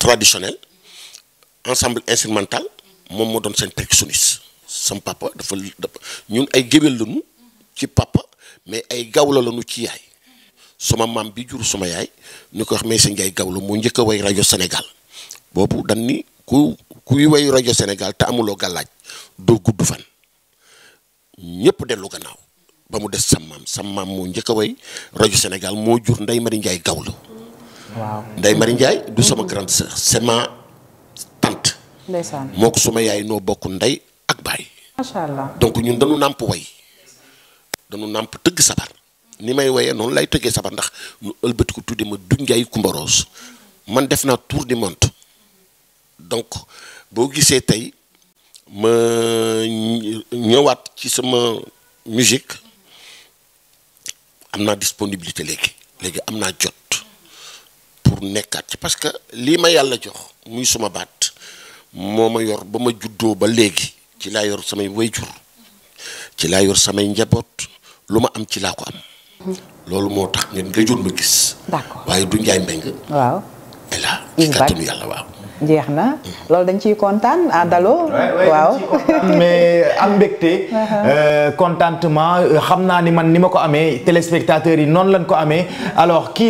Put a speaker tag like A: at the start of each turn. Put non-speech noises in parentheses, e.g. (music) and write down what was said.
A: traditionnel ensemble instrumental moom moo doon seen percussionniste sam papa dafa dafa ñun ay géwél lañu ci papa mais ay gawlo lañu ci yaay sama maam bi jur sama yaay ñu ko wax may sa Njaay gawlo moo njëkk a way rajo Sénégal boobu dañ ni ku kuy wayu rajo Sénégal te amuloo gàllaaj doo gudd fan ñëpp dellu gannaaw ba mu des sam maam sam maam moo njëkk a way rajo Sénégal moo jur Ndey Mari Njaay gawlo waaw Ndeye Marie Ndiaye du sama mm-hmm. grande sœur c'est ma tante. moo ko suma yaay noo bokk ndey ak baay. macha allah donc ñun dañu nàmp way dañu nàmp tëgg sabar ni may woyee noonu lay tëggee sabar ndax ñu ëlbati ko tuddee ma du Ndiaye Coumba man def naa tour du monde donc boo gisee tey ma ñëwaat ci sama musique am naa disponibilité léegi léegi am naa jot. pour nekkaat ci parce que lii ma yàlla jox muy suma baat moo ma yor ba ma juddoo ba léegi ci laa yor samay wayjur ci laa yor samay njaboot lu ma am ci laa ko am. loolu moo tax ngeen nga jot ma gis. d'accord waaye du Ndiaye Mbengue. waaw. na loolu dañ ciy kontaan à ah, Dalo waaw mais (laughs) am mbégte uh-huh. euh, contentement euh, xam naa ni man ni ma ko amee téléspectateurs yi noonu lañ ko amee alors kii